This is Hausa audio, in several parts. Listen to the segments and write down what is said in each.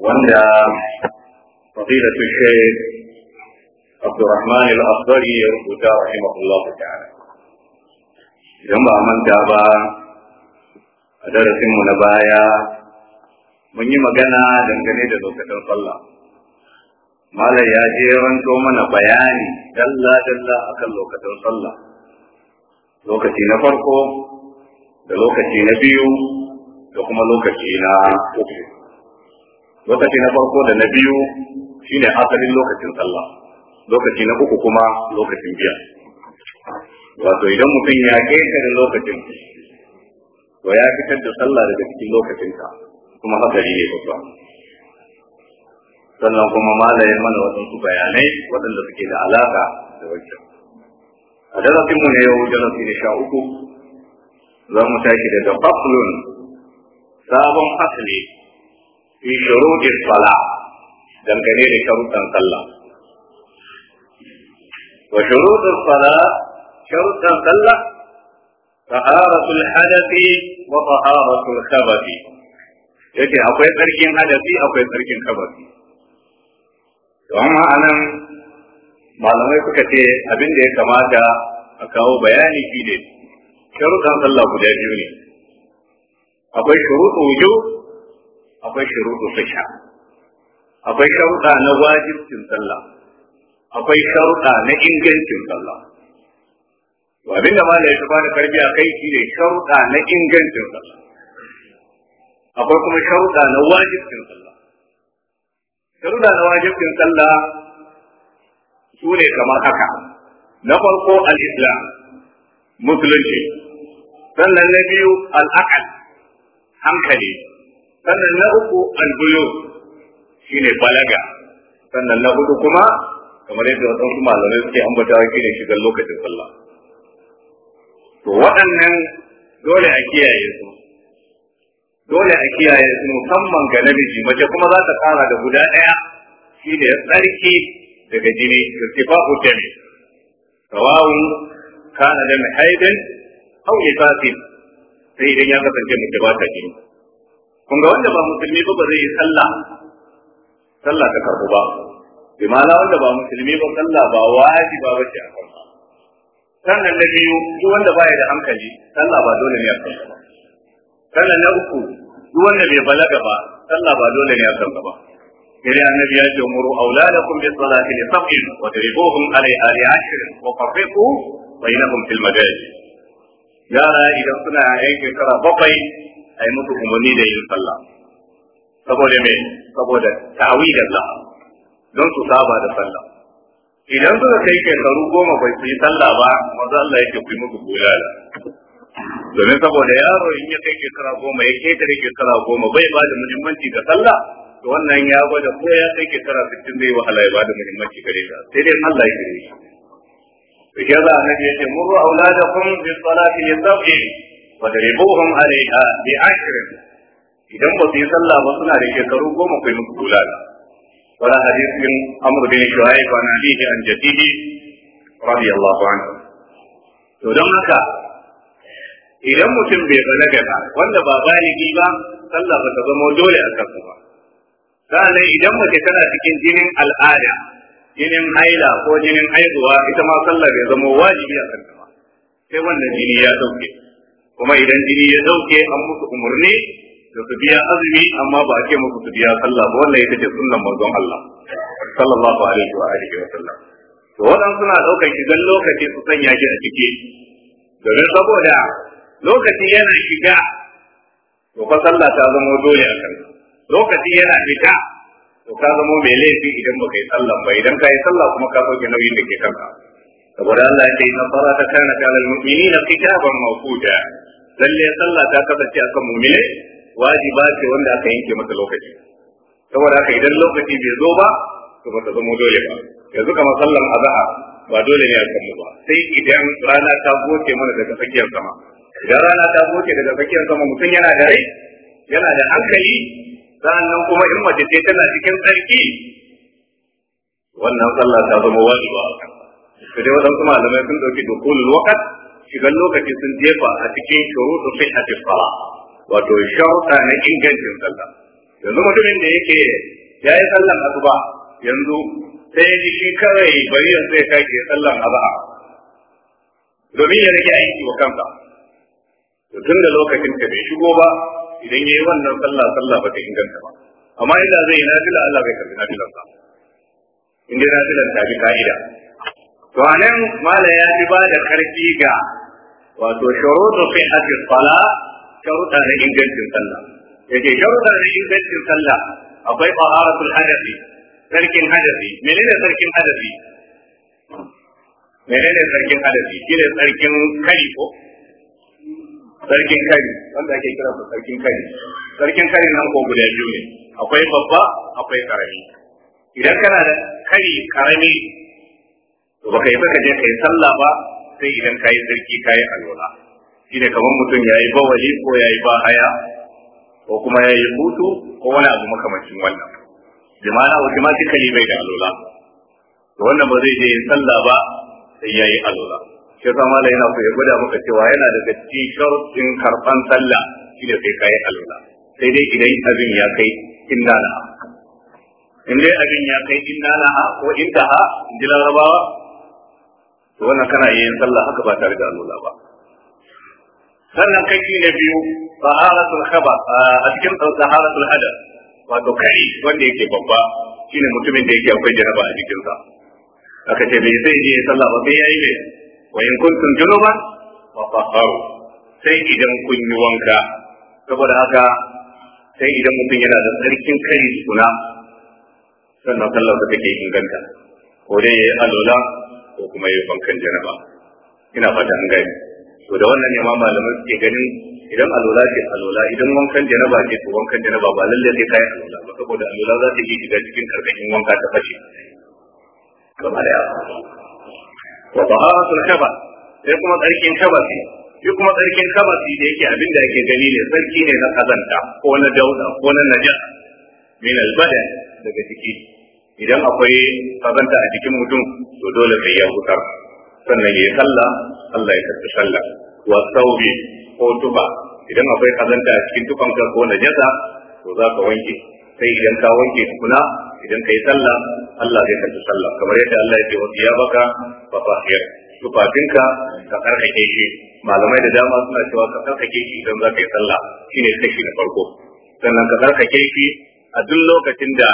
wanda fadilatu shaykh Abdurrahman al-Akhdari ya rubuta rahimahullahu ta'ala idan ba manta ba a mu na baya mun yi magana dangane da lokacin sallah malam ya je ranto mana bayani dalla dalla akan lokacin sallah lokaci na farko da lokaci na biyu da kuma lokaci na uku lokaci na farko da na biyu shine asalin lokacin sallah lokaci na uku kuma lokacin biya wato idan mutum ya ƙetare lokacin to ya fitar da sallah daga cikin lokacinka kuma hatsari ne babba sannan kuma malayin mana waɗansu bayanai waɗanda suke da alaƙa da wajen a darasinmu na yau darasi na sha uku za mu tashi daga faflun باب فصل في شروط الصلاة دمكنين شروط صلاة وشروط الصلاة شروط صلاة طهارة الحدث وطهارة الخبث لكن أقوي تركين حدثي أقوي تركين خبثي وهم أنا معلومة كتير أبين دي كما جاء أكاو بياني كيدي شروط صلاة كتير akwai shuruɗu wujub akwai shuruɗu fisha akwai sharuɗa na wajibcin sallah akwai sharuɗa na ingancin sallah to abinda malai ya bada karbi a kai shi ne sharuɗa na ingancin sallah akwai kuma sharuɗa na wajibcin sallah sharuɗa na wajibcin sallah su ne kamar haka na farko al-islam musulunci sannan na biyu al-aqal hankali sannan na uku shi shine balaga sannan na hudu kuma kamar yadda wasu malamai suke ambata ne shigar lokacin sallah to waɗannan dole a kiyaye su dole a kiyaye su musamman ga namiji mace kuma za ta kara da guda ɗaya shine tsarki daga jini da sifafu jami sawawun kana da haidin au isatin sai idan ya kasance mace ba ta jini kun ga wanda ba musulmi ba ba zai yi sallah sallah ta karbu ba bi ma'ana wanda ba musulmi ba sallah ba wajiba ba ce a kansa sannan na biyu duk wanda baya da hankali sallah ba dole ne a kan gaba. sannan na uku duk wanda bai balaga ba sallah ba dole ne a kan gaba. sai annabi ya ce muru auladakum bi salati li sab'in wa dribuhum alayha li ashrin wa farriqu bainahum fil madajid yara idan suna yan shekara bakwai a yi musu umarni da yin sallah saboda me saboda ta'awi da Allah don su saba da sallah idan suka kai shekaru goma bai su yi sallah ba maza Allah yake ku yi musu bulala domin saboda yaro in ya kai shekara goma ya ketare shekara goma bai ba da muhimmanci ga sallah to wannan ya gwada ko ya kai shekara sittin bai wahala ya ba da muhimmanci gare ta sai dai Allah ya gare shi ya za annabi yace muru auladakum bi salati yasabbi wa daribuhum alaiha bi ashr idan ba su yi sallah suna da shekaru goma kai musu bulala wala hadisin amr bin shuaib an to don haka idan mutum bai balaga ba wanda ba baligi ba sallah ba ta zama dole a kasu ba sa'annan idan mace tana cikin jinin al'ada jinin haila ko jinin haihuwa ita ma sallah bai zama wajibi a kanta ba sai wannan jini ya dauke kuma idan jini ya dauke an musu umarni da su biya azumi amma ba a ce musu su biya sallah ba wannan ita ce sunnan manzon Allah sallallahu alaihi wa alihi wa sallam to wannan suna daukar shi dan lokaci su sanya shi a ciki domin saboda lokaci yana shiga to fa sallah ta zama dole a kan lokaci yana fita to ka zama mai laifi idan baka yi sallah ba idan ka yi sallah kuma ka sauke nauyin da ke kanka saboda Allah ya ce inna salata kana kana almu'minina kitaban mawquta lalle sallah ta kasance akan mu'mine wajiba ce wanda aka yanke masa lokaci saboda haka idan lokaci bai zo ba to ba ta zama dole ba yanzu kamar sallan azhar ba dole ne a kanmu ba sai idan rana ta goce mana daga tsakiyar sama idan rana ta goce daga tsakiyar sama mutum yana da rai yana da hankali sannan kuma in mace ce tana cikin tsarki wannan sallah ta zama wajiba a kan to dai kuma malamai sun dauki dukulul waqt shigan lokaci sun jefa a cikin shuruɗu sihhatis salah wato sharuɗa na ingancin sallah yanzu mutumin da yake yayi sallan asuba yanzu sai ya ji shi kawai bari yanzu ya kage sallan azhar domin ya rage aiki wa kansa tun da lokacin ka bai shigo ba idan yayi wannan sallah sallah ba ta inganta ba amma idan zai yi nafila Allah bai karbi nafilar ba in dai nafilan ta bi ka'ida to anan mala ya bi ba da karfi ga wato shurutu fi hadis sala sharuta na ingancin sallah yake sharuta na ingancin sallah akwai taharatul hadisi sarkin hadisi menene sarkin hadisi menene sarkin hadisi kire sarkin kari ko sarkin kari wanda ake kira su sarkin kari sarkin kari nan ko guda biyu ne akwai babba akwai karami idan kana da kari karami to baka yi baka je kai sallah ba sai idan kayi sarki kayi alwala shine kamar mutum yayi bawali ko yayi bahaya ko kuma yayi hutu ko wani abu makamancin wannan jama'a wata ma bai da alwala to wannan ba zai je sallah ba sai yayi alwala Sai yasa mala yana so ya gwada maka cewa yana daga cikin sharuɗin karɓan sallah shine sai kai alwala sai dai idan abin ya kai inda na in dai abin ya kai inda na ko inda ha in ji larabawa to wannan kana yin sallah haka ba tare da alwala ba sannan kashi na biyu taharatul khaba a cikin taharatul hadath wato kai wanda yake babba shine mutumin da yake akwai jaraba a jikinsa aka ce bai sai je sallah ba sai yayi mai wa in جنوبا فطهروا fa tahharu sai idan kun yi wanka saboda haka sai idan mutum yana da tsarkin kai suna sannan sallar da take inganta ko dai yayi alola ko kuma yayi ina idan alola ce alola idan wankan janaba ce to wankan janaba ba lalle sai kai alola ba saboda alola za ta yi shiga cikin karkashin wanka ta fashe gaba ya. wa taharatul khabath sai kuma tsarkin kabasi shi kuma tsarkin kabasi da yake abin da yake gani sarki ne na kazanta ko na dauda ko na naja min albada daga ciki idan akwai kazanta a jikin mutum to dole sai ya hutar sannan ya yi sallah Allah ya karɓi sallah wa saubi ko tuba idan akwai kazanta a cikin tufanka ko najasa to za ka wanke sai idan ka wanke tukuna idan yi sallah Allah zai karbi sallah kamar yadda Allah ya ce wa baka fa fahir tufafinka ka karkake shi malamai da dama suna cewa ka karkake shi idan za ka yi sallah shine kashi na farko sannan ka karkake shi a duk lokacin da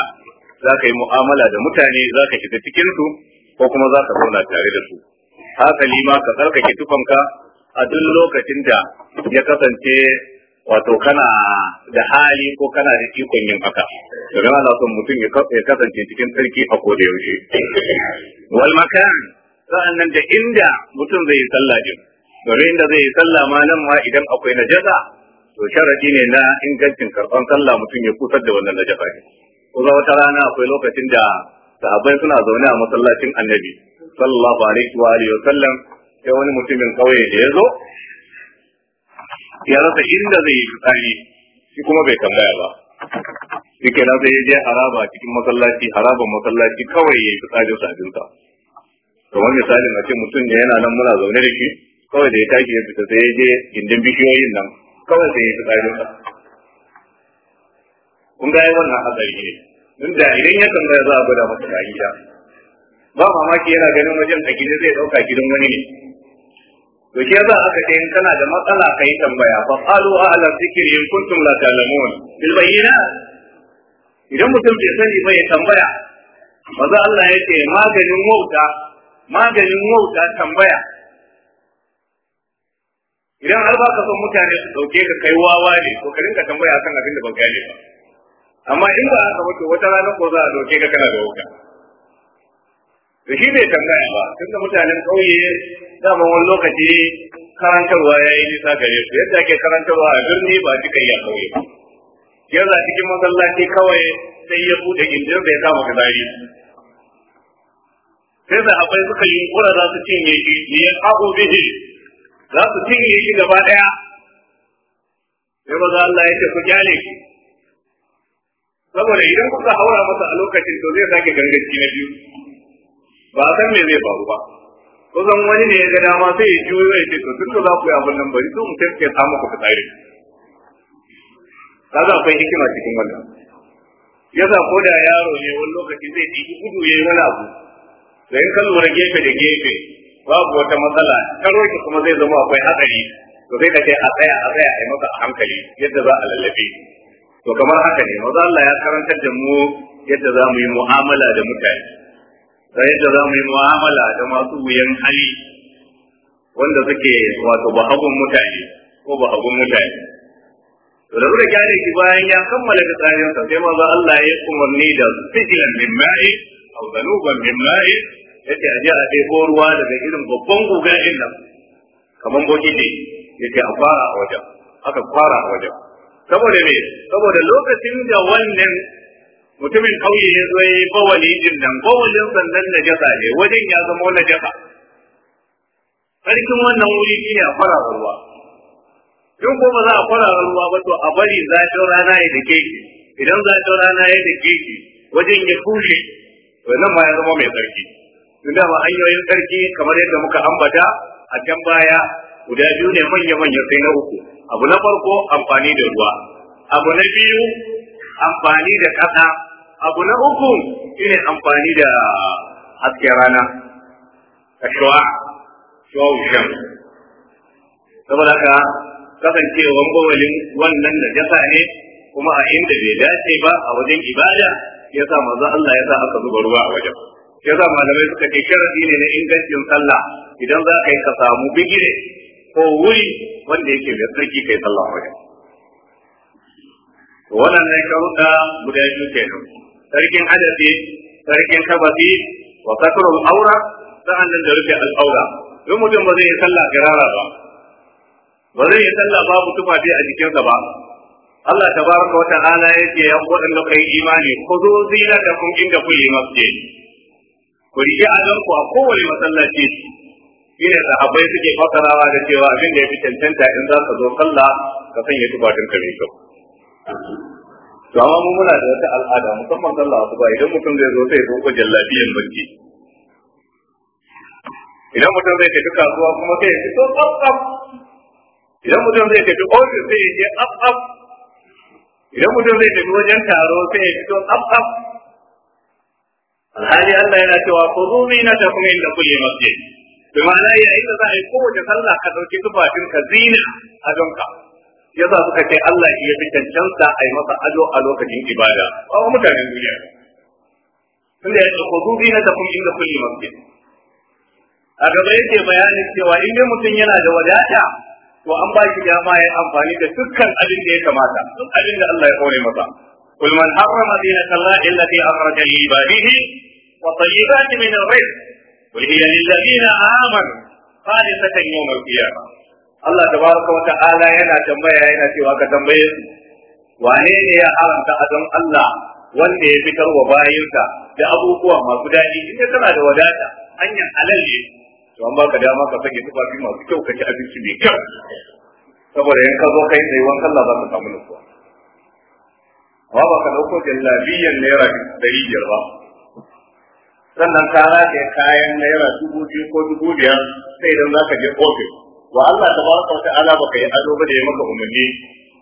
za ka yi mu'amala da mutane za ka shiga cikinsu, ko kuma za ka zauna tare da su hasali ma ka tsarkake tufanka a duk lokacin da ya kasance wato kana da hali ko kana da ikon yin haka domin ana son mutum ya kasance cikin sarki a koda yaushe wal makan sa'annan da inda mutum zai yi sallah din domin inda zai yi sallah ma nan ma idan akwai najasa to sharadi ne na ingancin karban sallah mutum ya kusar da wannan najasa ne za wata rana akwai lokacin da sahabbai suna zaune a masallacin annabi sallallahu alaihi wa alihi wa sallam sai wani mutumin kauye da ya zo ya rasa inda zai yi fitsari shi kuma bai tambaya ba shi ke rasa ya je haraba cikin masallaci haraban masallaci kawai ya yi fitsarin sabinsa kamar misalin a ce mutum ne yana nan muna zaune da shi kawai da ya tashi ya fita sai ya je gindin bishiyoyin nan kawai sai ya fitsarin sa kun ga wannan hatsari ne tun da idan ya tambaya za a gwada masa ba mamaki yana ganin wajen a gida zai ɗauka gidan wani ne to ke za aka ce in kana da matsala kai tambaya fa qalu ahla zikri in kuntum la ta'lamun bil bayyina idan mutum bai sani ba ya tambaya maza Allah ya ce maganin wauta maganin wauta tambaya idan har baka son mutane su dauke ka kai wawa ne to ka rinka tambaya kan abin da ba gane ba amma in ba aka wato wata rana ko za a dauke ka kana da wuta da shi bai tambaya ba tunda mutanen kauye dama wani lokaci karantarwa ya yi nisa gare su yadda ake karantarwa a birni ba cikin ya kauye ba yanzu a cikin masallaci kawai sai ya bude gindin bai kama kadari sai akwai suka yi kura za su cinye shi ne ya abu bihi za su cinye shi gaba daya sai za Allah ya ce ku kyale shi saboda idan kuka haura masa a lokacin to zai sake gangaci na biyu ba san me zai faru ba kusan wani ne ya ga dama sai ya juyo ya ce to duk za ku yi abin nan bari to mu sai samu ku tsare za akwai hikima cikin wannan yasa ko da yaro ne wani lokaci zai ɗiki gudu ya yi wani abu da in ka gefe da gefe babu wata matsala karo ki kuma zai zama akwai hatsari to sai ka ce a tsaya a tsaya a yi a hankali yadda za a lallabe to kamar haka ne maza Allah ya karantar da mu yadda za mu yi mu'amala da mutane ta yadda za mu yi mu'amala da masu wuyan hali wanda suke wato bahagun mutane ko bahagun mutane to da ruwa gyara ki bayan ya kammala fitsarinsa sai za Allah ya umarni da fijilan min ma'i au zanuban min ma'i yace a je a ɗebo ruwa daga irin babban guga din nan kamar bokiti yace a fara a wajen aka fara a wajen saboda ne saboda lokacin da wannan mutumin kauye ya zo ya yi bawali jin nan bawalin sannan najasa ne wajen ya zama najasa sarkin wannan wuri shine a fararen ruwa duk ko ba za a fara ruwa ba to a bari zafin rana ya dake shi idan zafin rana ya dake shi wajen ya kushe to nan ma ya zama mai sarki tun da ba hanyoyin sarki kamar yadda muka ambata a can baya guda biyu ne manya-manya sai na uku abu na farko amfani da ruwa abu na biyu amfani da ƙasa abu na uku shine amfani da hasken rana ashwa shaw sham saboda ka kasance bawalin wannan da jasa ne kuma a inda bai dace ba a wajen ibada ya sa maza Allah ya sa aka zuba ruwa a wajen ya sa malamai suka ce sharadi ne na ingancin sallah idan za ka yi ka samu bigire ko wuri wanda yake mai tsarki kai sallah a wajen wannan ne sharuɗa guda biyu kenan sarkin adadi, sarkin kabasi wa kasrul aura sa'annan da rufe al'aura don mutum ba zai yi sallah girara ba ba zai yi sallah babu tufafi a jikinsa ba Allah tabaraka wa ta'ala yake ya waɗanda kai imani ko zo zina da kun inda kulli masjid ku riƙe azan ku a kowane masallaci shine sahabbai suke fasarawa da cewa abin da ya fi cancanta in za ka zo sallah ka sanya tufafin ka mai kyau to amma mu muna da wata al'ada musamman sallah asuba idan mutum zai zo sai ko jallabiyan barci idan mutum zai tafi kasuwa kuma sai ya to tsaf tsaf idan mutum zai tafi ofis sai ya je tsaf idan mutum zai tafi wajen taro sai ya to tsaf tsaf alhali Allah yana cewa khudhu zinatakum inda kulli masjid bi ma'ana yayin da za a yi kowace sallah ka dauki tufafin ka zina a ka? yasa suka ce Allah iya ya fi cancanta a yi masa ado a lokacin ibada ba wa mutanen duniya tunda ya ce kudu bi na tafi inda kulli masjid a gaba yake bayanin cewa in dai mutum yana da wadata to an ba shi dama ya amfani da dukkan abin da ya kamata duk abin da Allah ya kore masa kul man harrama zinata Allah allati akhraja li ibadihi wa tayyibati min ar-rizq qul hiya lil ladina amanu خالصة يوم القيامة Allah baraka wata ala yana tambaya yana cewa ka tambaye su wane ne ya haramta a don Allah wanda ya fitar wa bayinsa da abubuwa masu daɗi ita tana da wadata hanyar alalle to an baka dama ka sake tufafi masu kyau ka ci abinci mai kyau saboda in ka zo kai tsaye wanka Allah za ka samu nutsuwa amma ba ka ɗauko jallabiyan naira dari biyar ba sannan ka rataye kayan naira dubu biyu ko dubu biyar sai idan za ka je ofis wa Allah ta tabaraka wata ala baka yi ado ba da ya maka umarni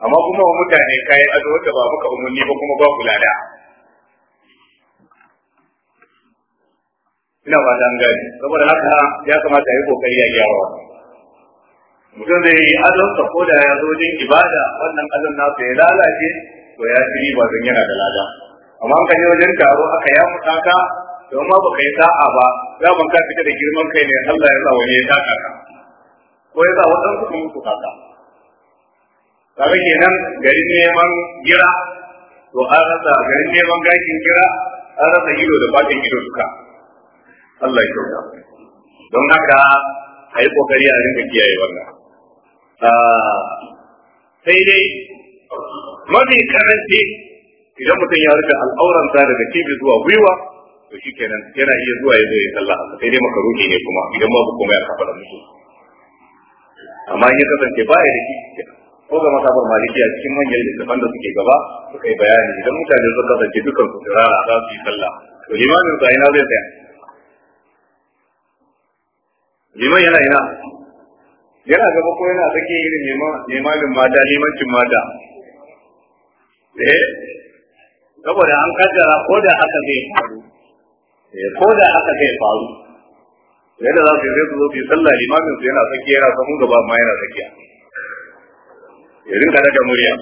amma kuma wa mutane kai ado wanda ba maka umarni ba kuma ba ku lada? ina ba dan gani saboda haka ya kamata yi kokari ya gyara mutum zai yi adon sa ko da ya zo din ibada wannan adon na ya lalace to ya ci riba don yana da lada amma an yi wajen taro aka ya mutu ka to ma baka yi sa'a ba za ban ka fita da girman kai ne Allah ya sa wani ya taka ka ko ya sa waɗansu su mutu kaka kaga kenan garin neman gira to an rasa gari neman gashin gira an rasa ido da bakin ido duka Allah ya kyauta don haka a yi kokari a rinka kiyaye wannan ah, sai dai mafi karanci idan mutum ya rika al'auransa daga kibi zuwa gwiwa to shi kenan yana iya zuwa ya ya sallah sai dai makaruki ne kuma idan babu kuma ya kafa da amma in ya kasance ba ya da shi ko ga makabar malikiya cikin manyan littafan da suke gaba suka yi bayani idan mutane sun kasance dukan su kirara za su yi sallah to limamin sa ina zai tsaya liman yana ina yana gaba ko yana sake irin limamin mata limancin mata eh saboda an kaddara ko da haka zai faru eh, ko da haka zai faru yadda za su yi su zo su yi sallah limamin su yana tsakiya yana samun gaba amma yana tsakiya ya rinka daga murya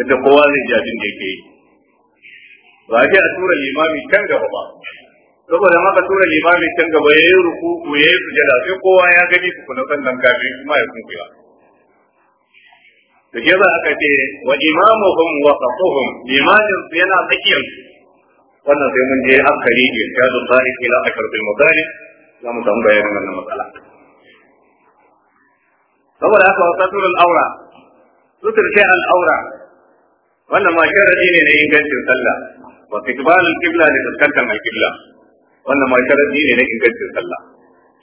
yadda kowa zai ji abin da yake yi ba a a tura limami can gaba ba saboda maka tura limami can gaba ya yi ruku ko ya yi sujada sai kowa ya gani ku kuna sannan kafin kuma ya kula da ke za a ce wa imamuhum wa qatuhum limamin su yana tsakiyar wannan sai mun je ta irshadu tsari ila akar bil mudarif za mu samu bayanin wannan matsala saboda haka wa saturul aura suturce al'aura wannan ma sharadi ne na ingancin sallah wa kitbalul kibla da fuskantar mai kibla wannan ma sharadi ne na ingancin sallah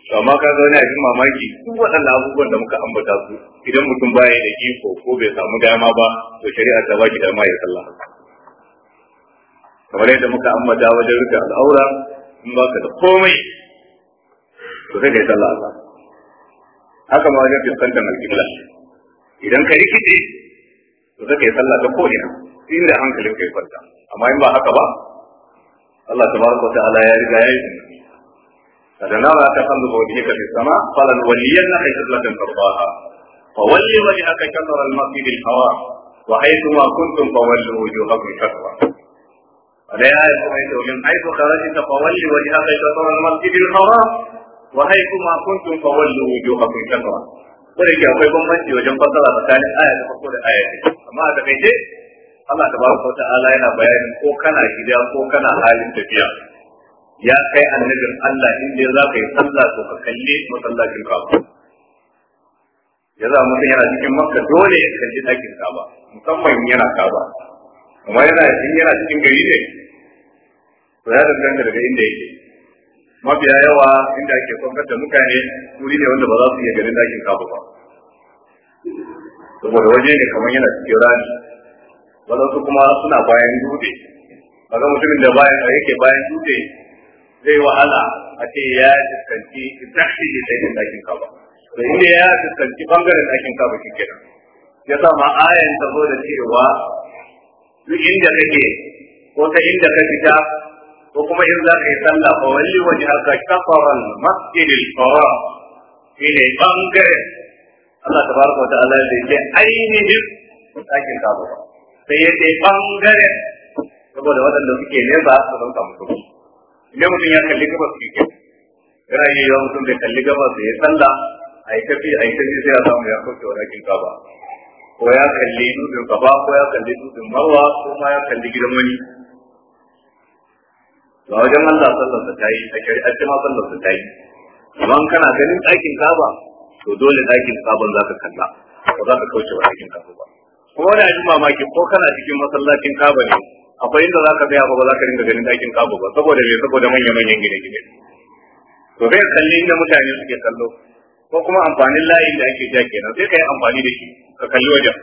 to amma ka zo ne a mamaki duk waɗannan abubuwan da muka ambata su idan mutum baya da iko ko bai samu dama ba to shari'a ta shi dama ya sallah kamar yadda muka ambata wajen rika al'aura in ba ka da komai to sai kai sallah azhar haka ma wajen fuskantar alƙibla idan ka rikice to sai kai sallah ta ko'ina inda hankalin kai kwanta amma in ba haka ba Allah tabaraka wa ta'ala ya riga ya yi فدنا تقلب وجهك في السماء فلنولينك قبلة ترضاها فول وجهك شطر المسجد الحرام وحيثما كنتم فولوا وجوهكم شطره ولا آية حيث من حيث خرجت فول وجهك شطر المسجد الحرام wa haitu ma kuntum fa wallu wujuhakum shatwa ko da ke akwai bambanci wajen fassara tsakanin aya ta farko da aya ta amma da kai Allah tabaraka wa ta'ala yana bayanin ko kana gida ko kana halin tafiya ya kai annabin Allah in dai za ka yi sallah to ka kalle masallacin ka? ya za mutum yana cikin makka dole ya kalli ɗakin kaba musamman yana kaba amma yana cikin gari ne to ya danganta daga inda yake mafiya yawa inda ake kwankar da mutane wuri ne wanda ba za su iya ganin dakin kafa ba saboda waje ne kamar yana cikin rani wadansu kuma suna bayan dutse kaga mutumin da bayan a yake bayan dutse zai wahala a ce ya fuskanci exactly da sai dakin kafa da inda ya fuskanci bangaren dakin kafa kenan ya sa ma ayan ta zo da cewa duk inda kake ko ta inda ka fita ko kuma in za ka yi sallah fa wani waje haka kafaran masjidil haram shi ne bangare Allah ta baraka wata Allah ya ce ainihin ɗakin kaba sai ya ce bangare saboda waɗanda suke ne ba su zanta mutum idan mutum ya kalli gaba su kyau yana yi yawan mutum bai kalli gaba su ya sallah a yi tafi a yi tafi sai ya samu ya kauce wa ɗakin kaba ko ya kalli dutsen kaba ko ya kalli dutsen marwa ko ma ya kalli gidan wani ba wajen Allah sallarsa ta yi a shari'ar ma sallarsa ta yi amma kana ganin ɗakin kaba to dole ɗakin kaban za ka kalla ba za ka kauce wa ɗakin kaba ba kuma wani abin mamaki ko kana cikin masallacin kaba ne akwai inda za ka tsaya ba ba za ka ringa ganin ɗakin kaba ba saboda me saboda manya-manyan gine-gine to zai kalli inda mutane suke kallo ko kuma amfanin layin da ake ja kenan sai ka yi amfani da shi ka kalli wajen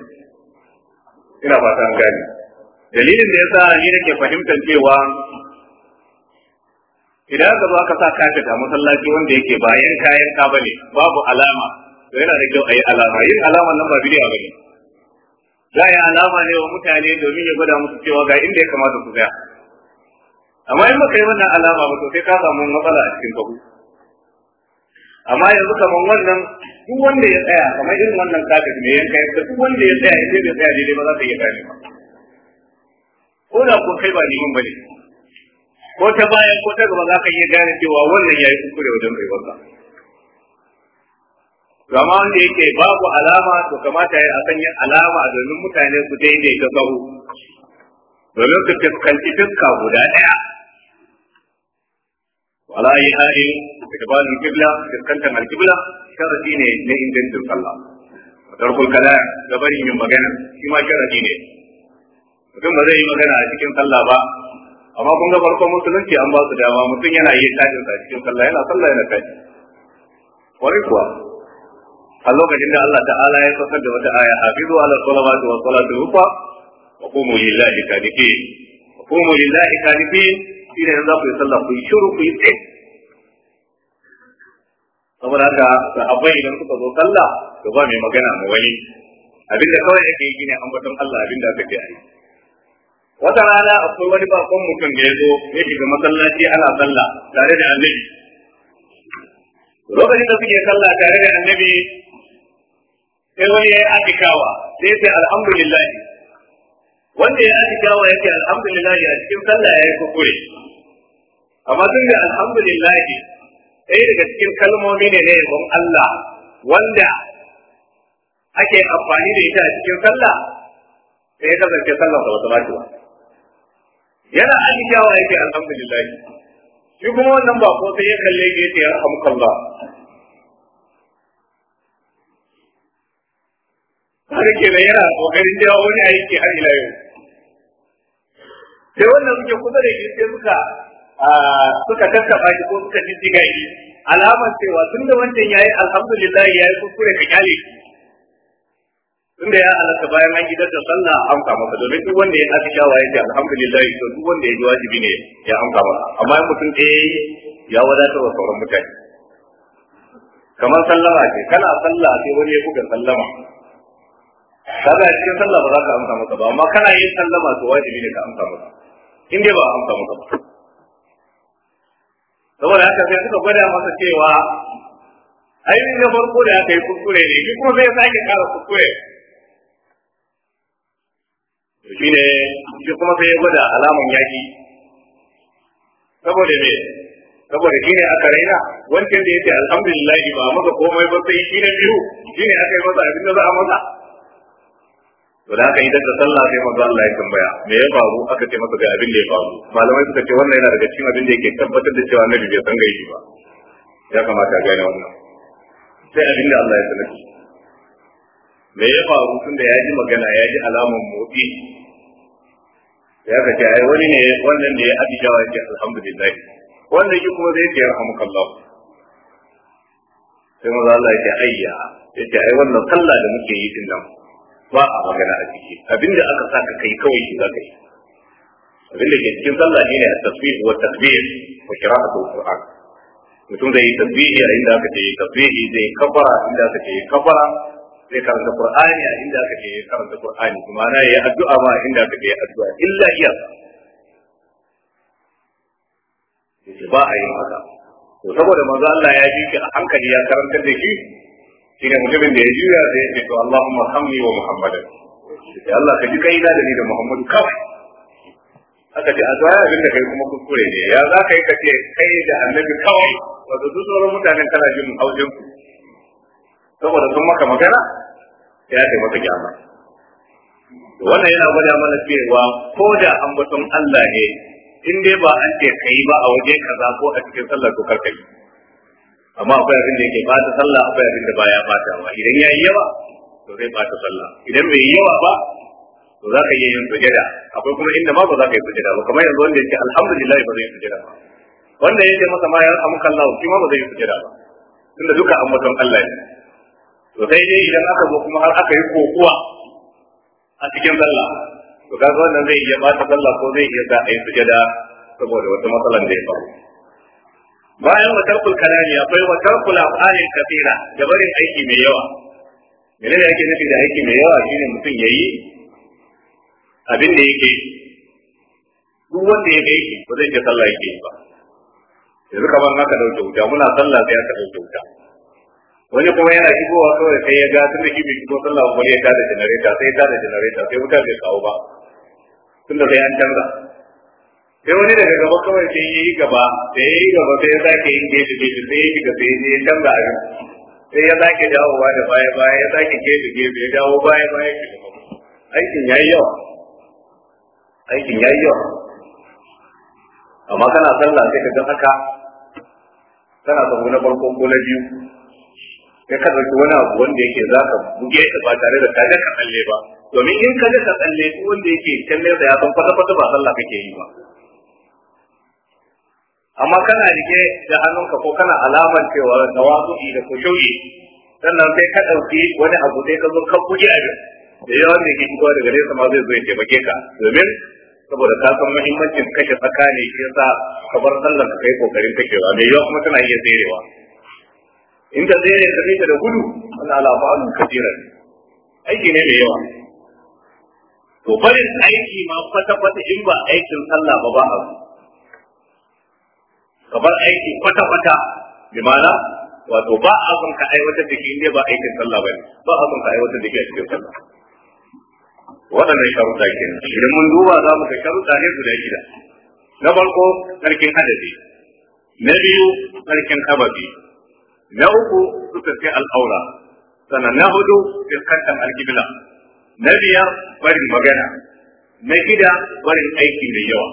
ina fata an gane dalilin da yasa ni nake fahimtar cewa idan ka zo aka sa kafet a masallaci wanda yake bayan kayan ka bane babu alama to yana da kyau a yi alama yin alama nan ba bidiya bane za a yi alama ne wa mutane domin ya gwada musu cewa ga inda ya kamata ku tsaya amma in baka yi wannan alama ba to sai ka samu matsala a cikin kabu amma yanzu kamar wannan duk wanda ya tsaya kamar irin wannan kafin ne yanka yanka duk wanda ya tsaya ce bai tsaya daidai ba za ta iya gane ba ko da ko kai ba neman ba ne ko ta bayan ko ta gaba za ka iya gane cewa wannan ya yi kuskure wajen bai wanka zama wanda yake babu alama to kamata ya a sanya alama domin mutane su ta sahu domin su fuskanci fuska guda ɗaya wala yi ha'in ikibalin kibla fuskantar alkibla sharafi ne na ingancin Allah. tarkul kala gabarin yin magana shi ma sharafi ne mutum ba zai yi magana a cikin sallah ba amma kun ga farkon musulunci an ba su dama mutum yana yi tashin sa cikin sallah yana sallah yana tashi wani kuwa a lokacin da Allah ta'ala ya saukar da wata aya hafizu ala salawati wa salatu rufa wa qumu lillahi kadifi wa qumu lillahi kadifi shine yanzu ku yi sallah ku yi shiru ku yi tsaye saboda haka abai idan suka zo sallah to ba mai magana ma wani abinda kawai yake yi ne batun Allah abinda aka ce aiki. yi wata rana akwai wani bakon mutum da ya zo ya shiga masallaci ana sallah tare da annabi lokacin da suke sallah tare da annabi sai wani ya yi atikawa sai sai alhamdulillahi wanda ya atikawa ya ce alhamdulillahi a cikin sallah ya yi kukure amma tun da alhamdulillahi ɗaya daga cikin kalmomi ne na yabon Allah wanda ake amfani da ita a cikin sallah sai ya kasance sallah da ta ba yana ajiyawa yake alhamdulillah shi kuma wannan ba ko sai ya kalle ke yace alhamdulillah har ke da yana kokarin jawo wani aiki har ila yau sai wannan suke kusa da yake sai suka suka tattaba shi ko suka jijjiga shi alamar cewa tun da wancan yayi alhamdulillah yayi kuskure ka kyale shi tunda ya halatta bayan an gidar da sallah amsa masa domin duk wanda ya shawa ya ce alhamdulillah to duk wanda ya ji wajibi ne ya amsa masa amma in mutum ɗaya yi ya wadatar wa sauran mutane kamar sallama ce kana sallah sai wani ya buga sallama kaga a cikin sallah ba za ka amsa masa ba amma kana yin sallama to wajibi ne ka amsa masa in dai ba amsa masa ba saboda haka sai suka gwada masa cewa ainihin na farko da aka yi kuskure ne shi kuma sai ya sake kara kuskure ne shi kuma sai ya gwada alaman yaki saboda me saboda ne aka raina wancan da ce alhamdulillah ba maka komai ba sai shi na biyu ne aka yi masa abin da za a masa to da aka yi daga sallah sai manzo Allah ya tambaya me ya faru aka ce masa ga abin da ya faru malamai suka ce wannan yana daga cikin abin da yake tabbatar da cewa annabi bai san gaibi ba ya kamata a gane wannan sai abin da Allah ya sanar me ya faru tun da ya ji magana ya ji alaman motsi ya ka ce ai wani ne wannan ne ya atishawa yake alhamdulillah wannan shi kuma zai ce rahmukallah sai maza Allah ya ayya ya ce ai wannan sallah da muke yi din nan ba a magana a ciki abinda aka saka kai kawai shi zaka yi abinda ke cikin sallah ne at-tasbih wa takbir wa qira'atu al-qur'an mutum zai yi tasbihi a da aka ce tasbihi zai kafara inda aka ce kafara zai karanta qur'ani a inda aka ce karanta qur'ani kuma na yi addu'a ma inda aka ce addu'a illa iya yace ba a yi haka to saboda manzo Allah ya ji a hankali ya karanta da shi ne mutumin da ya juya sai ya ce to Allahumma hamni wa muhammadan sai Allah ka ji kai na da ni da muhammadu kawai aka ce a tsaya abin da kai kuma kuskure ne ya za ka yi ka ce kai da annabi kawai wato duk sauran mutanen kana jin haushin ku. saboda sun maka magana ya kai maka gyama wannan yana gwada mana cewa ko da ambaton Allah ne in dai ba an ce kai ba a waje kaza ko a cikin sallar to karka yi amma akwai abin da yake bata sallah akwai abin da baya bata wa idan ya yi yawa to zai bata sallah idan bai yi yawa ba to za ka iya yin sujada akwai kuma inda ma ba za ka yi sujada ba kamar yanzu wanda yake alhamdulillah ba zai yi sujada ba wanda yake masa ma ya amka Allah shi ma ba zai yi sujada ba tunda duka ambaton Allah ne to sai dai idan aka zo kuma har aka yi kokuwa a cikin sallah to ga wannan zai iya bata sallah ko zai iya sa a yi sujada saboda wata matsalar da ya faru bayan wa tarkul kalami akwai wa tarkul af'alin kafira da barin aiki mai yawa ne yake nufi da aiki mai yawa shine mutum yayi abin da yake duk wanda ya yi ko zai je sallah yake ba yanzu kamar haka dauke wuta muna sallah sai aka dauke wuta wani kuma yana shigowa kawai sai ya ga tun da shi bai shigo sallah ba ya tada janareta sai tada janareta sai wuta bai kawo ba tun da sai an canza sai wani daga gaba kawai sai ya yi gaba sai ya yi gaba sai ya sake yin gefe gefe sai ya yi gaba sai ya canza a sai ya sake ba da baya baya ya sake gefe gefe ya dawo baya baya aikin ya yi yawa aikin ya yi yawa amma kana sallah sai ka ga haka kana sabu na farko ko na biyu Ya ka ɗauki wani abu wanda yake za ka buge ta ba tare da ka tsalle ba domin in ka ka tsalle ko wanda yake kallon sa ya san fata fata ba sallah kake yi ba amma kana rike da hannunka ko kana alamar cewa da tawazu'i da kushuyi sannan sai ka ɗauki wani abu sai ka zo ka buge abin da yawa wanda yake shigowa daga nesa ma zai zo ya taimake ka domin saboda ka san muhimmancin kashe tsakani shi yasa ka bar sallar ka kai kokarin kashewa mai yawa kuma tana iya tserewa in ta zai ya tafi da gudu wannan al'afa'alun kasirar aiki ne da yawa to barin aiki ma kwata-kwata in ba aikin sallah ba ba abu ka bar aiki kwata-kwata bi mana wato ba a ka aiwatar da shi inda ba aikin sallah ba ba a ka aiwatar da ke a cikin sallah waɗannan sharuɗa ke idan mun duba za mu ga sharuɗa ne guda gida na farko tsarkin adadi na biyu tsarkin ababi. na uku suturce al'aura sannan na hudu fuskantar alkibla na biyar barin magana na shida barin aiki mai yawa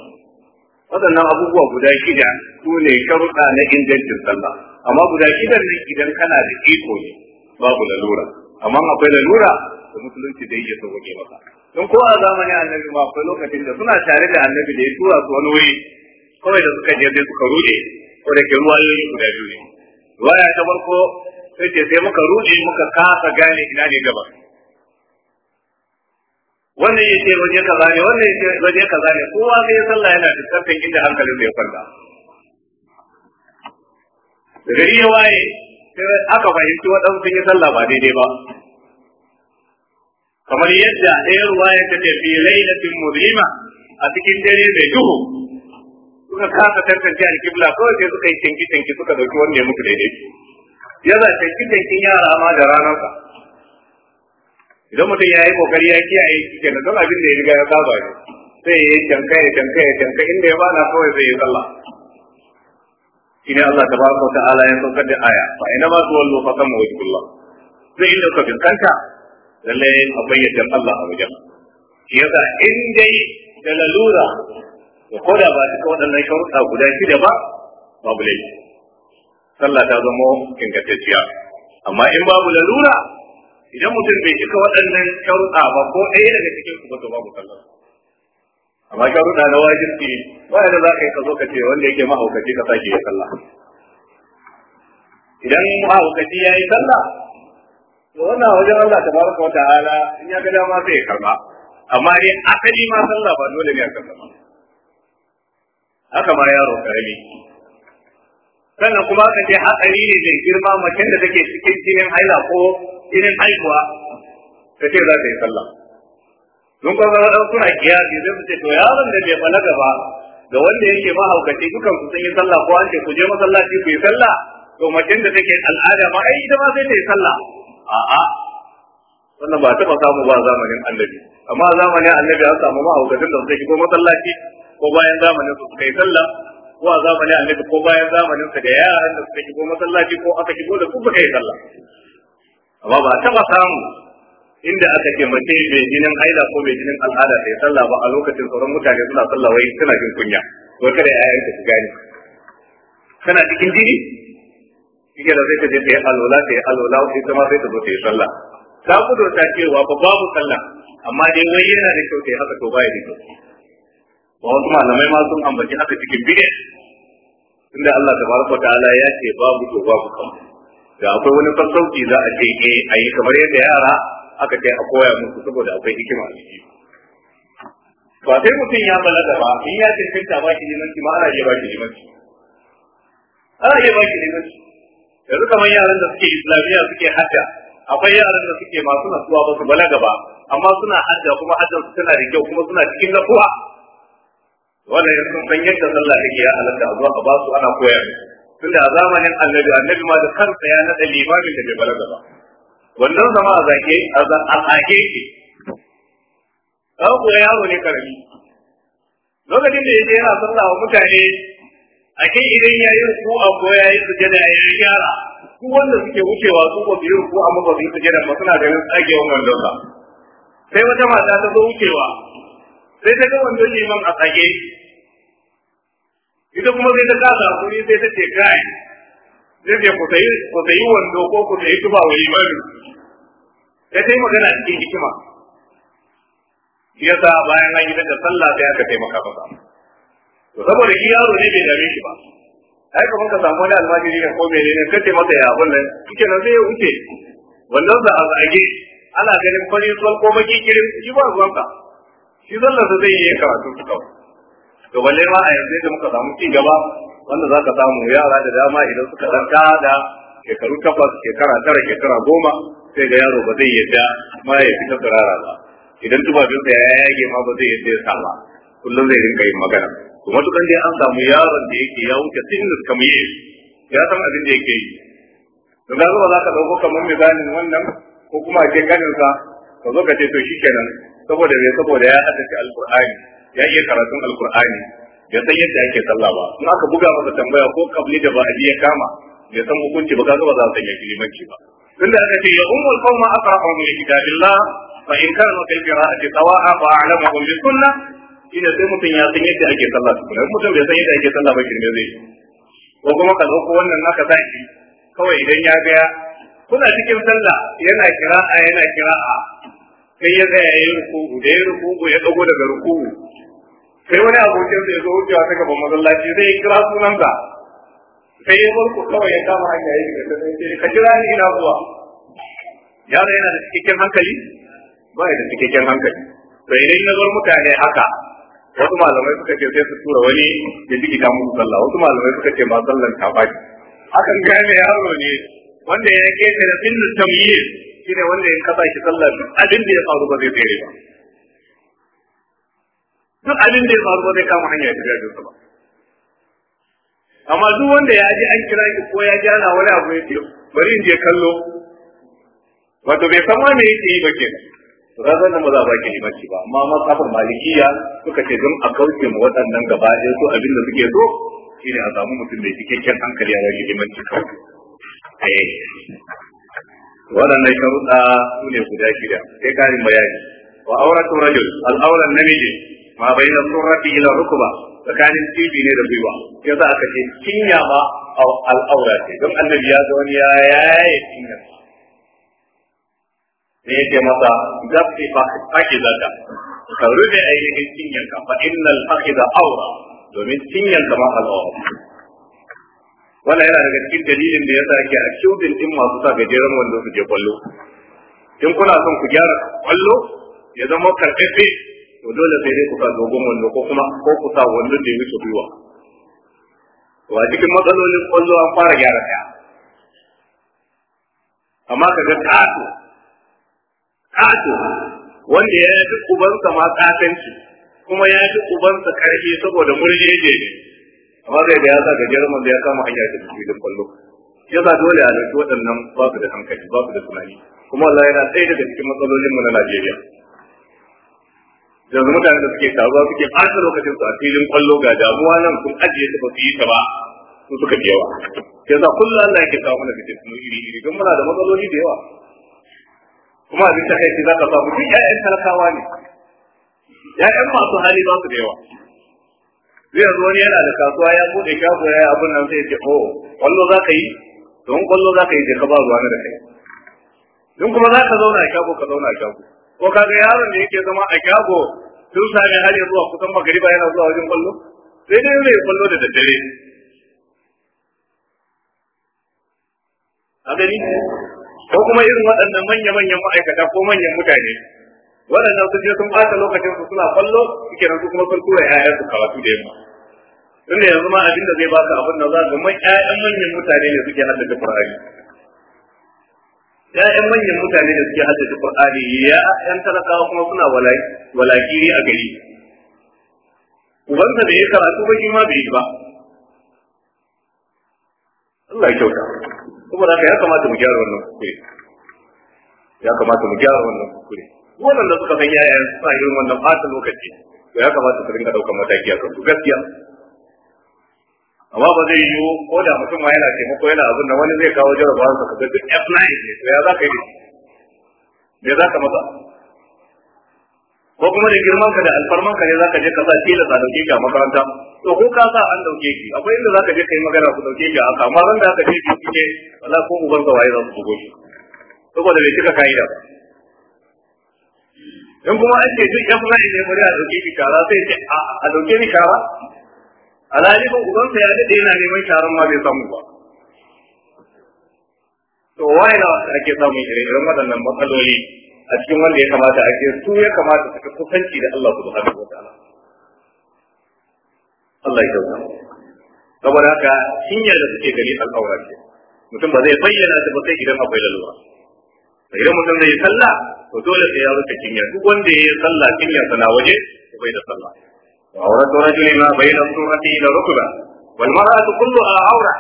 waɗannan abubuwa guda shida su ne sharuɗa na ingancin sallah amma guda shidan ne idan kana da iko ne babu lalura amma akwai lalura da musulunci da ya sauke maka don ko a zamani annabi ma akwai lokacin da suna tare da annabi da ya tura su wani wuri kawai da suka je sai suka rude ko da ke ruwa yoyi guda biyu ne waya ta farko sai ce sai muka ruje muka kasa gane ina ne gaba wannan ya ce waje kaza ne wannan ya ce waje kaza ne kowa sai sallah yana fuskantar inda hankalin ya kwanta gari ya waye sai aka fahimci waɗansu sun yi sallah ba daidai ba kamar yadda ɗayan ruwa ya ta tafi lailatin muzlima a cikin dare mai duhu suka kasa jihar Kibla, kawai sai suka yi tanki tanki suka dauki wanda ya muku daidai yana tanki tankin yara ma da ranarsa idan mutum ya yi kokari ya kiyaye shi kenan don abin da ya riga ya saba ne sai ya tanka ya tanka ya tanka inda ya ba na kawai zai yi sallah shine Allah tabaraka wa ta'ala ya saukar da aya fa ina ma tuwallu fa kama wajhullah sai inda ka fiskanta lalle akwai yadda Allah a wajen shi yasa in dai da lalura to ko da ba duka waɗannan sharuɗa guda shida ba babu laifi sallah ta zama ingantacciya amma in babu lalura idan mutum bai cika waɗannan sharuɗa ba ko ɗaya daga cikin su ba to babu sallah amma sharuɗa na wajibi ba da za ka yi ka zo ka ce wanda yake mahaukaci ka sake yi sallah idan mahaukaci ya yi sallah to wannan wajen Allah ta baraka wata ala, in ya ga dama sai ya karba amma dai asali ma sallah ba dole ne a karba haka ma yaro karami sannan kuma aka ce hatsari ne da girma macen da take cikin jinin haila ko jinin haihuwa ta ce za ta yi sallah don kuma zan suna kiyasi zai su ce to yaron da bai balaga ba da wanda yake mahaukaci dukan su sun yi sallah ko an ce ku je masallaci ku yi sallah to macen da take al'ada ma ai ita ma sai ta yi sallah a'a wannan ba taɓa samu ba zamanin annabi amma zamanin annabi an samu mahaukacin da suke ko masallaci ko bayan zamanin su suka sallah ko a zamanin annabi ko bayan zamanin su da yaran da suka shigo masallaci ko aka shigo da su suka sallah amma ba a taba samu inda aka ce mace bai jinin haila ko bai jinin al'ada sai sallah ba a lokacin sauran mutane suna sallah wai suna jin kunya wai kada yayan su gani. kana cikin jini kike da zai ta je ta yi alwala ta alwala sai kuma sai ta zo ta yi sallah ta cewa babu sallah amma dai wai yana da kyau ta yi haka to baya da kyau ba wasu malamai ma sun ambaci haka cikin bide Inda Allah Ta tabaraka ta'ala ya ce babu to babu kan ga akwai wani fasauki za a ce eh ayi kamar yadda yara aka ce a koya musu saboda akwai hikima a ciki ba sai mutum ya balaga ba in ya ce cancanta ba shi limanci ma ana iya ba shi limanci ana iya ba shi limanci yanzu kamar yaran da suke islamiyya suke hadda akwai yaran da suke masu nasuwa ba su balaga ba amma suna hadda kuma haddan suna tana da kyau kuma suna cikin nasuwa wannan ya sun san yadda sallah take ya halatta a zuwa a ba su ana koya tunda a zamanin annabi annabi ma da kansa ya nada limamin da bai balaga ba wannan zama a zake a zake ke ka ko yaro ne karami lokacin da yake yana sallah wa mutane a kai idan ya yi ku a koya su gada ya yi gyara ku wanda suke wucewa su ko biyu ko amma ba su gada ba suna ganin tsagewan wannan sai wata mata ta zo wucewa sai ta ga wanda liman a tsage ita kuma sai ta kasa kuri sai ta ce kai zai ce ku sayi wando ko ku sayi tuba wa imani ta ta yi magana cikin hikima shi sa bayan an yi ta sallah sai aka taimaka masa to saboda shi yaro ne bai dame shi ba ai kamar ka samu wani almajiri ne ko mene ne kace masa ya abun nan kike nan sai ya wuce wannan za a zage ana ganin fari tsohon ko baki kirin shi ba ruwanka shi zalla da zai yi karatu su kawai to balle ma a yanzu da muka samu ci gaba wanda za ka samu yara da dama idan suka dan da shekaru takwas shekara tara shekara goma sai ga yaro ba zai yadda ma ya fita turara ba idan da ya yage ma ba zai yadda ya sa ba kullum zai rinka yin magana to matukan dai an samu yaron da yake ya wuce sinus kamar ya san abin da yake yi to ga ba za ka dauko kamar misalin wannan ko kuma a ce ganin sa ka zo ka ce to shi kenan. saboda me saboda ya haddace alqur'ani ya iya karatun alqur'ani bai san yadda ake sallah ba in aka buga masa tambaya ko kabli da ba'adi ya kama ya san hukunci ba kaga ba za a sanya kilimanci ba tunda aka ce ya ummul qauma aqra'u min kitabillah fa in kana fil qira'ati sawa'a fa a'lamuhum bi sunnah ina sai mutum ya san yadda ake sallah tukuna mutum bai san yadda ake sallah ba kirme zai ko kuma ka dauko wannan naka zaki kawai idan ya ga kuna cikin sallah yana kira'a yana kira'a sai ya zaya ya yi ruku'u da ya ruku'u ya dago daga ruku'u sai wani abokin sai ya zo wucewa ta gaban masallaci zai kira sunan ka sai ya barku kawai ya kama hanya ya shiga sai ka kira ni ina zuwa yaro yana da cikakken hankali ba ya da cikakken hankali sai idan na zuwa mutane haka wasu malamai suka ce sai su tura wani ya jiki ta musu sallah wasu malamai suka ce ba sallan ta baki akan gane yaro ne wanda ya keta da sinnin tamyiz shine wanda in kasa shi sallah duk abin da ya faru ba zai tsere ba duk abin da ya faru ba zai kama hanya ta gado ba amma duk wanda ya ji an kira ki ko ya ji ana wani abu ya ce bari in je kallo wato bai san wani yake yi ba ke kenan razan da maza ba ke yi bacci ba amma masafin malikiya suka ce don a kauce mu waɗannan gaba ɗaya su abin da suke so shine a samu mutum da cikakken hankali a wajen limanci kawai eh. waɗannan sharuɗa su ne guda shida sai ƙarin bayani wa auratu rajul al'auran namiji ma bai na surrafi ila rukuba tsakanin cibi ne da gwiwa ya za aka ce cinya ma al'aura ce don annabi ya ga wani ya yaye cinya ne yake masa zafi faki zata ka rufe ainihin cinyanka fa innal fakiza aura domin cinyanka ma al'aura wannan yana daga cikin dalilin da yasa ake a shudin din masu sa gajeren wando su je kwallo in kuna son ku gyara kwallo ya zama karkafe to dole sai dai ku sa dogon wando ko kuma ko ku sa wando da ya wuce gwiwa to a cikin matsalolin kwallo an fara gyara ta. amma kaga kato kato wanda ya yi duk ubansa ma katanci kuma ya yi duk ubansa karfi saboda murjeje ne amma zai da ya sa gajeren man ya kama hanya ta filin kwallo ya sa dole a dauki waɗannan ba su da hankali ba su da tunani kuma Allah yana ɗaya daga cikin matsalolin mu na Najeriya yanzu mutane da suke taruwa suke ɓata lokacin su a filin kwallo ga damuwa nan sun ajiye ta ba su yi ta ba su suka je yawa yasa kullum Allah yake kawo mana fitinu iri iri don muna da matsaloli da yawa kuma abin ta kai za ka samu duk ƴaƴan talakawa ne ƴaƴan masu hali ba su da yawa zai yanzu wani yana da kasuwa ya bude shago ya yi abin nan sai ya ce oh kwallo za ka yi don kwallo za ka yi ka ba ruwa na da kai don kuma za ka zauna a shago ka zauna a shago ko kaga yaron da yake zama a shago tun sami har ya zuwa kusan magariba yana zuwa wajen kwallo sai dai zai kwallo da daddare a gani ko kuma irin waɗannan manya-manyan ma'aikata ko manyan mutane waɗannan sun je sun ɓata lokacin su suna kwallo suke nan su kuma sun tura ƴaƴan su karatu da yamma tun da yanzu ma abin da zai baka abin da za ga mai ƴaƴan manyan mutane ne suke haddace Qur'ani ƴaƴan manyan mutane ne suke haddace Qur'ani ya ƴan talakawa kuma suna walakiri a gari ubansa da ya karatu ba shi ma bai yi ba Allah ya kyauta kuma da ya kamata mu gyara wannan kuskure ya kamata mu gyara wannan kuskure waɗanda suka san yayan sa irin wannan fata lokaci to ya kamata su dinga ɗaukar mataki a su gaskiya amma ba zai yiwu ko da mutum ma yana taimako yana abin da wani zai kawo jarabawa ka ga duk F9 ne to ya za ka yi me za ka masa ko kuma da girman ka da alfarman ka ne za ka je ka sa tela sa dauke ka makaranta to ko ka sa an dauke ki akwai inda za ka je ka yi magana ku dauke ki amma ran da aka je ki kike wala ko uban waye za su bugo shi saboda bai cika ka'ida ba in kuma an ce duk yan ne bari a dauke ki shara sai ce a a dauke ni shara alhali uban sa ya daɗe yana neman sharan ma bai samu ba to waye na ake samun ire-iren waɗannan matsaloli a cikin wanda ya kamata a ce su ya kamata su kusanci da Allah subhanahu ta'ala Allah ya kyauta saboda haka cinyar da suke gani al'aura ce mutum ba zai bayyana ta ba sai idan akwai lalura idan mutum zai yi sallah to dole sai ya kinya duk wanda ya yi sallah kinya sana waje to bai da sallah wa aurat rajuli ma bayna surati ila rukba wal mar'atu kulluha awra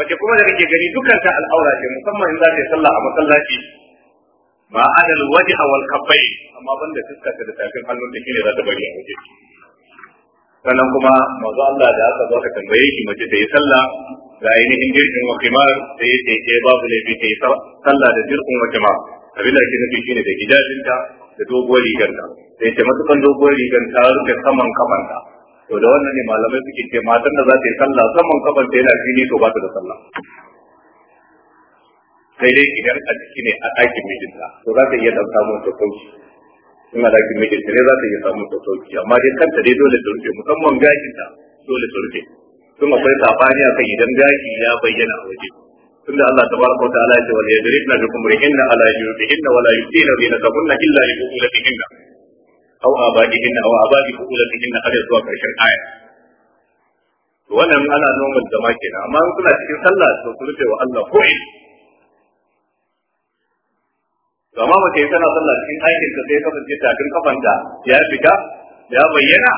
mace kuma da kake gani dukkan ta al'aura ce musamman in za ta yi sallah a masallaci ma adal waje wal kabbai amma banda fuska ta da tafin hannun da shine za ta bari a waje sannan kuma maza Allah da aka zo ka tambaye shi mace ta yi sallah Ga ainihin jirgin wa kimar da ya ce eh, babu laifi ta yi sallah da jirgin wa kimar abin da ke nufi shi ne da hijabinta da doguwar riganta, da ya ce matukan doguwar rigar rufe saman kamanta to da wannan ne malamai suke ce matan da za ta yi sallah saman kamanta yana fili to ba ta da sallah sai dai idan a ciki ne a ɗakin mijinta to za ta iya ɗan samun sassauci ina ɗakin mijinta ne za ta iya samun sassauci amma dai kanta dai dole ta rufe musamman gajinta dole ta rufe kuma akwai safaniya akan idan gashi ya bayyana a waje tunda Allah tabaraka wa ta'ala ya ce wal yadribna bi kumrihinna ala yubihinna wala yubdina zinatahunna illa li buqulatihinna aw abaihinna aw wannan ana noman zama kenan amma suna cikin sallah to su rufe wa Allah koyi zama mace tana sallah cikin aikin ta sai kasance tafin kafanta ya fita ya bayyana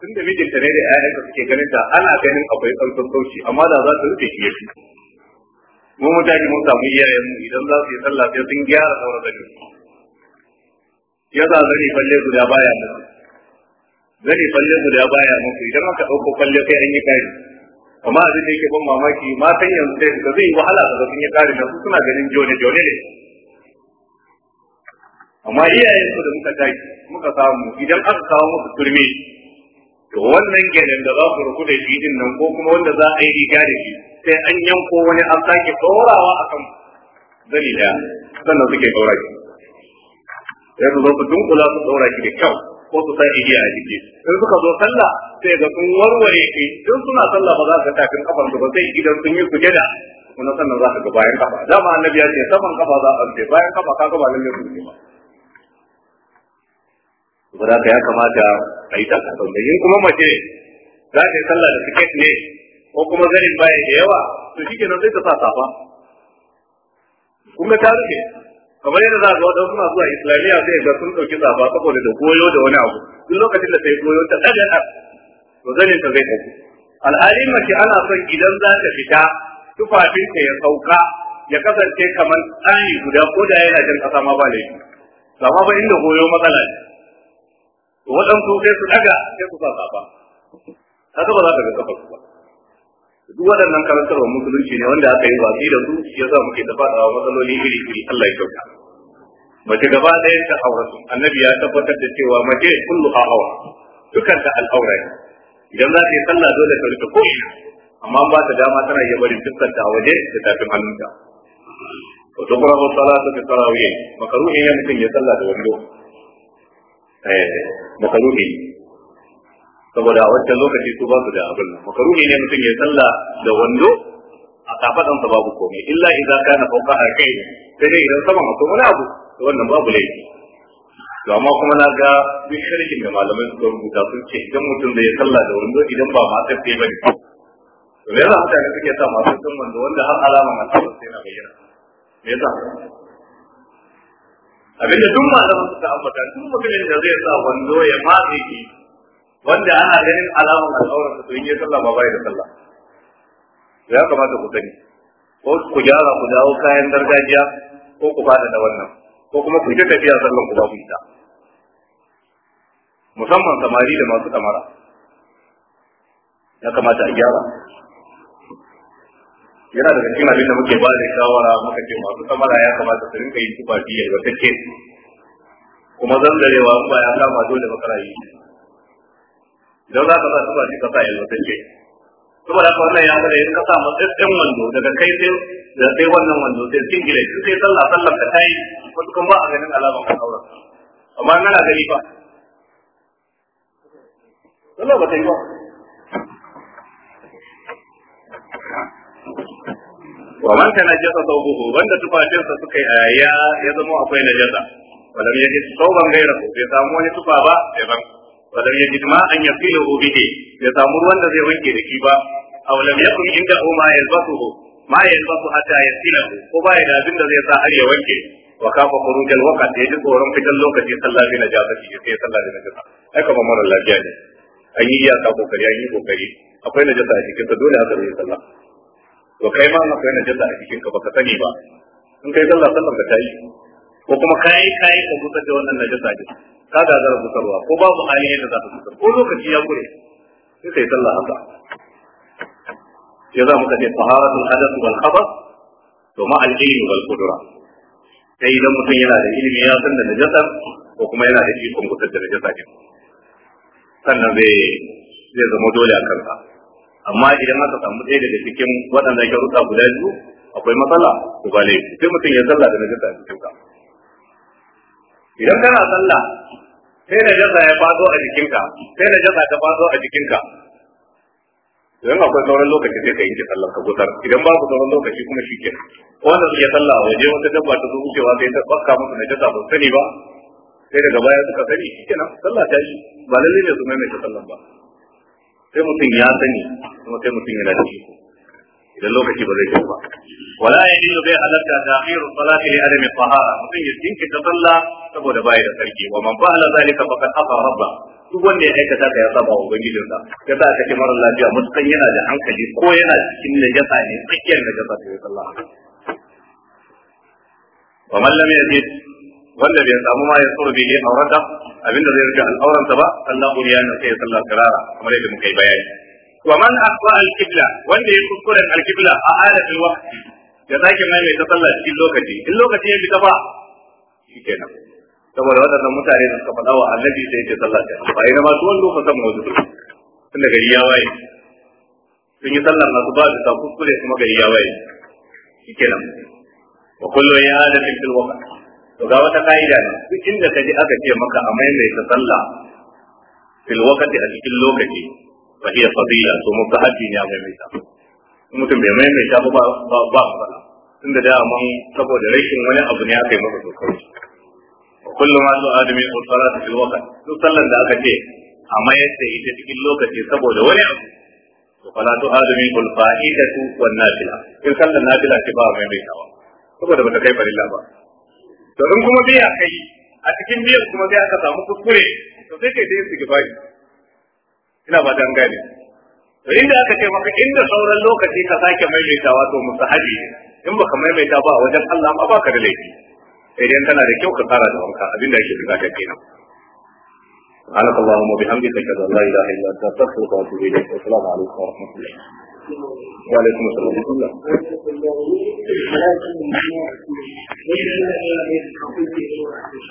tun da mijinta ne da ƴaƴanka suke ganin ta ana ganin akwai tsantsan sauci amma da za ta rufe shi ya fi mu mutane mun samu iyayen mu idan za su yi sallah sai sun gyara sauran zani ya za zani falle guda baya musu zani falle guda baya musu idan aka ɗauko falle kai an yi kari amma abin da yake ban mamaki matan yanzu sai da zai yi wahala ga sun yi kari na su suna ganin jone jone ne amma iyayen su da muka tashi muka samu idan aka kawo musu turmi to wannan gelen da za ku ruku da shi din nan ko kuma wanda za a yi riga da shi sai an yanko wani an sake ɗorawa a kan zani da sannan suke ɗora shi sai su zo su dunkula su ɗora shi da kyau ko su sa igiya a jiki sai suka zo sallah sai ga sun warware shi don suna sallah ba za ka tafi kafan su ba sai idan sun yi sujada kuma sannan za ka ga bayan kafa dama annabi ya ce saman kafa za a ce bayan kafa ka ga ba lalle su ba ba za ka ya kamata a yi taka sau in kuma mace za ta yi sallah da siket ne ko kuma zanin baya da yawa to shi nan zai ta sa safa kun ga ta rufe kamar yadda za a zuwa don suna zuwa islamiyya zai ga sun ɗauki safa saboda da goyo da wani abu duk lokacin da ta yi goyo ta ɗaga ɗan to zanin ta zai ɗauki Al'adun mace ana son idan za ta fita tufafinta ya sauka ya kasance kamar tsani guda ko da yana jan kasa ma ba laifi Sama ba inda goyo matsala ne waɗansu sai su daga sai su sa safa Ta ba za ta ga kafar ba duk waɗannan karantarwar musulunci ne wanda aka yi watsi da su ya sa muke da faɗawa matsaloli iri iri Allah ya kyauta mace gaba ɗaya ta aure su annabi ya tabbatar da cewa mace kullu a hawa dukkan ta al'aura ne idan za ta yi sallah dole ta rufe ko'ina amma ba ta dama tana iya barin dukkan ta a waje da tafin hannunta wato kuma ba salatu ta tarawih makaruhi ne mutum ya sallah da wando Eh, makaruhi saboda a wancan lokaci su ba su da abin nan makaruhi ne mutum ya sallah da wando a kafadan sa babu komai illa idan kana fauka a kai sai dai idan saman akwai wani abu to wannan babu laifi to amma kuma na ga duk sharhin da malamai suka rubuta sun ce idan mutum zai sallah da wando idan ba ma sai ba ne to me yasa mutane suke sa masu sun wanda har alama na sai na bayyana me yasa abinda duk malaman suka ambata duk mutumin da zai sa wando ya fadi ki wanda ana ganin alamun al'aura su in sallah ba bai da sallah ya kamata ku sani ko ku gyara ku dawo kayan gargajiya ko ku fada da wannan ko kuma ku yi tafiya sallan ku ba ku ita musamman samari da masu kamara ya kamata a gyara yana da cikin abin da muke ba da shawara muka ce masu samara ya kamata su rinka yin tufa biyar da take kuma zanzarewa in ba ya kama dole ba kara yi idan za ka sa tufa ka sa yanzu take saboda haka wannan ya zara in ka sa matsatsen wando daga kai sai da sai wannan wando sai singile in sai sallah sallar ka tayi wasu kuma ba a ganin alama ka kaura amma nana gani ba sallah ba ta yi ba wa man kana jasa saubuhu wanda tufafinsa suka yi ya zama akwai najasa walam yaji sauban gaira ko bai samu wani tufa ba ban walam yaji ma an yafila hu bihi bai samu ruwan da zai wanke da shi ba aw lam yakun inda huma ma yalbasuhu ma yalbasu hatta yasilahu ko ba ya da abin da zai sa har ya wanke wa kafa khurujal waqti ya ji tsoron fitan lokaci sallallahi najasa shi sai sallallahi bi najasa ai kuma mara lafiya ne an yi iyaka kokari an yi kokari akwai najasa a cikin ta dole haka zai sallah to kai ma akwai jalla a cikin ka baka sani ba in kai sallah sallar ka tayi ko kuma kai kai ka gusa da wannan na jalla ka da zara gusarwa ko babu hali yadda za ka gusa ko lokaci ya gure sai kai sallah haka yadda muka ce kace taharatul hadath wal khabath to ma al ilmi wal qudra sai idan mutum yana da ilimi ya san da najasa ko kuma yana da ikon gusar da najasa din sannan zai zai zama dole a kansa amma idan aka samu ɗaya daga cikin waɗanda ya rusa guda biyu akwai matsala to ba ne sai mutum ya zalla da najasa a jikinka idan kana sallah sai najasa ya faso a jikinka sai najasa ta faso a jikinka idan akwai sauran lokaci sai ka yi ki sallar ka gusar idan babu sauran lokaci kuma shi ke wanda suke sallah a waje wata dabba ta zo wucewa sai ta bakka musu najasa ba sani ba sai daga baya suka sani shi kenan sallah ta yi ba lalle ne su maimaita sallar ba sai mutum ya sani kuma sai mutum yana da iko idan lokaci ba zai tafi ba wala ya dinga bai halatta da akhiru salati li adami tahara mutum ya dinka ta salla saboda bai da sarki wa man fa'ala zalika faqad afa rabba duk wanda ya aikata ka ya saba wa ubangijin sa ya sa kake mara lafiya mutum yana da hankali ko yana cikin najasa ne tsakiyar najasa ta sallah wa man lam yajid wanda bai samu ma ya tsoro bai aurata abinda zai rika al'auransa ba Allah sallah uriyanin sai ya sallah sirara kamar yadda muka yi bayani wa man asfa al-qibla wanda ya kuskure al-qibla a adadin waqti ya sake mai mai ta sallar cikin lokaci in lokaci ya fita ba shikenan saboda waɗannan mutane da suka faɗa wa annabi sai ya ce sallar ta ba ina ma su wanda san mawdu tun da gari ya waye sun yi sallar nasu ba da kuskure kuma gari ya waye shikenan wa kullu ya adadin fil waqti to ga wata ka'ida ne duk inda ka aka ce maka a maimaita sallah fil waqti a cikin lokaci fa hiya fadila to mustahabi ne a maimaita mutum bai maimaita ba ba ba ba tunda da mun saboda rashin wani abu ne aka yi maka sosai kullu ma su adami ko salatu fil waqti duk sallan da aka ce a mayar da ita cikin lokaci saboda wani abu to fala tu adami kul fa'idatu wan nafila in sallan nafila ce ba maimaitawa saboda bata kai farilla ba to in kuma biya kai a cikin biyan kuma sai aka samu kuskure to sai kai dai istighfari ina ba dan gane to inda aka ce maka inda sauran lokaci ka sake maimaitawa to musahabi in baka maimaita ba wajen Allah ma baka da laifi dai kana da kyau ka fara da wanka abinda yake bukata kenan سبحانك اللهم وبحمدك اشهد ان لا اله الا انت استغفرك واتوب اليك والسلام عليكم ورحمه الله wa alaikum assalam bismillah